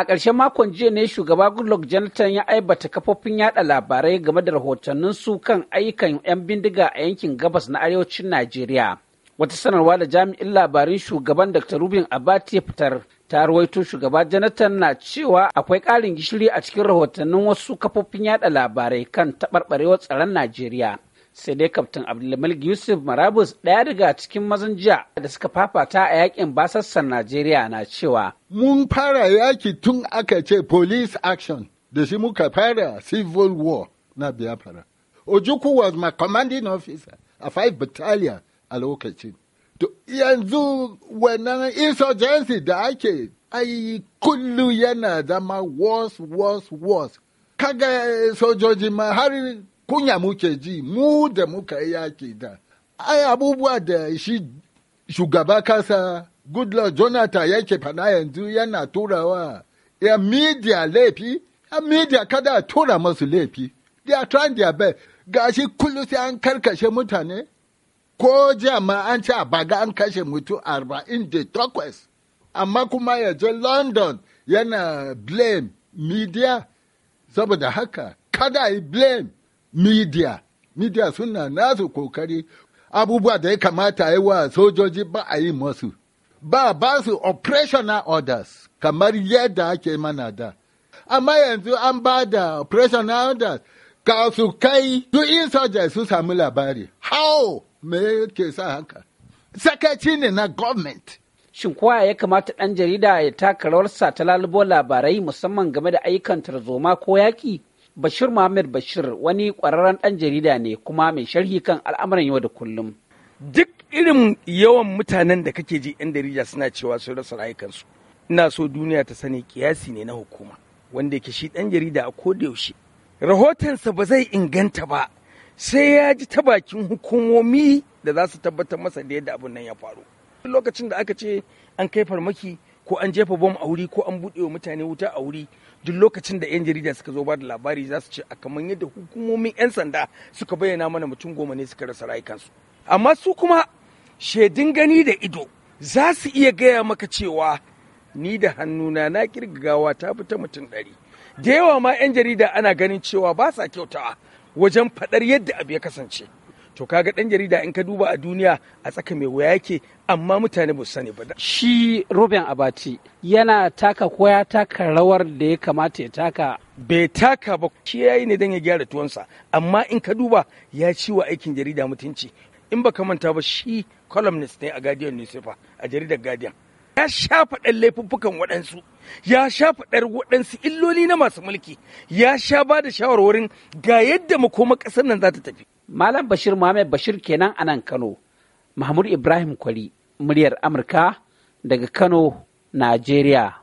A ƙarshen makon jiya ne shugaba Goodluck Jonathan ya aibata kafofin yada labarai game da rahotannin su kan ayyukan 'yan bindiga a yankin gabas na arewacin Najeriya. Wata sanarwa da jami'in labarin shugaban Dr. Rubin Abati ya fitar ta ruwaito shugaba Jonathan na cewa akwai ƙarin gishiri a cikin rahotannin wasu kafofin yada labarai kan taɓarɓarewar tsaron Najeriya. sai dai kaftin abdulmalik yusuf marabus ɗaya daga cikin mazan jiya da suka fafata a yakin basassan najeriya na cewa mun fara yaki tun aka ce police action da shi muka fara civil war na biafra ojukwu was my commanding officer a five battalion a lokacin yanzu wannan insurgency da ake ai kullu yana zama worse worse worse kaga sojoji ma har kunya muke ji mu da muka yi yaki da ai abubuwa da shi shugaba kasa goodluck jonathan yake fana yanzu yana turawa ya media laifi ya media kada tura masu laifi they are trying their best gashi kullum sai an karkashe mutane ko jama an a baga an kashe mutu arba'in da takwas amma kuma ya je london yana blame media saboda haka kada yi blame media media suna nasu kokari abubuwa da ya kamata yi wa sojoji ba a yi masu ba ba su operational orders kamar yadda ake mana da amma yanzu an ba da operational orders ka su kai su insurgents su samu labari how me ke sa haka sakaci ne na government shin kowa ya kamata ɗan jarida ya taka rawarsa ta lalubo labarai musamman game da ayyukan tarzoma ko yaki? Bashir Muhammad Bashir wani ƙwararren ɗan jarida ne kuma mai sharhi kan al'amuran yau da kullum. Duk irin yawan mutanen da kake ji 'yan jarida suna cewa sun rasa rayukansu. Ina so duniya ta sani kiyasi ne na hukuma wanda yake shi ɗan jarida a koda yaushe. Rahotonsa ba zai inganta ba sai ya ji ta bakin hukumomi da za su tabbatar masa da yadda abin nan ya faru. Lokacin da aka ce an kai farmaki ko an jefa bom a wuri ko an buɗe wa mutane wuta a wuri duk lokacin da 'yan jarida suka zo ba da labari za su ce a kamar yadda hukumomin 'yan sanda suka bayyana mana mutum goma ne suka rasa rayukansu amma su kuma shaidun gani da ido za su iya gaya maka cewa ni da hannuna na kirgawa ta fita mutum ɗari da yawa ma 'yan jarida ana ganin cewa ba sa kyautawa wajen faɗar yadda abu ya kasance to kaga dan jarida in ka duba a duniya a tsaka mai wuya yake amma mutane ba sani ba shi Ruben Abati yana taka ko ya taka rawar da ya kamata ya taka bai taka ba shi yayi ne dan ya gyara sa, amma in ka duba ya ci wa aikin jarida mutunci in baka manta ba shi columnist ne a Guardian newspaper a jaridar Guardian ya sha faɗar laifuffukan waɗansu ya sha faɗar waɗansu illoli na masu mulki ya sha ba da shawarwarin ga yadda makoma ƙasar nan za ta tafi Malam Bashir Muhammad Bashir kenan a nan Kano, Mahmud Ibrahim Kwari, muryar Amurka daga Kano, Najeriya.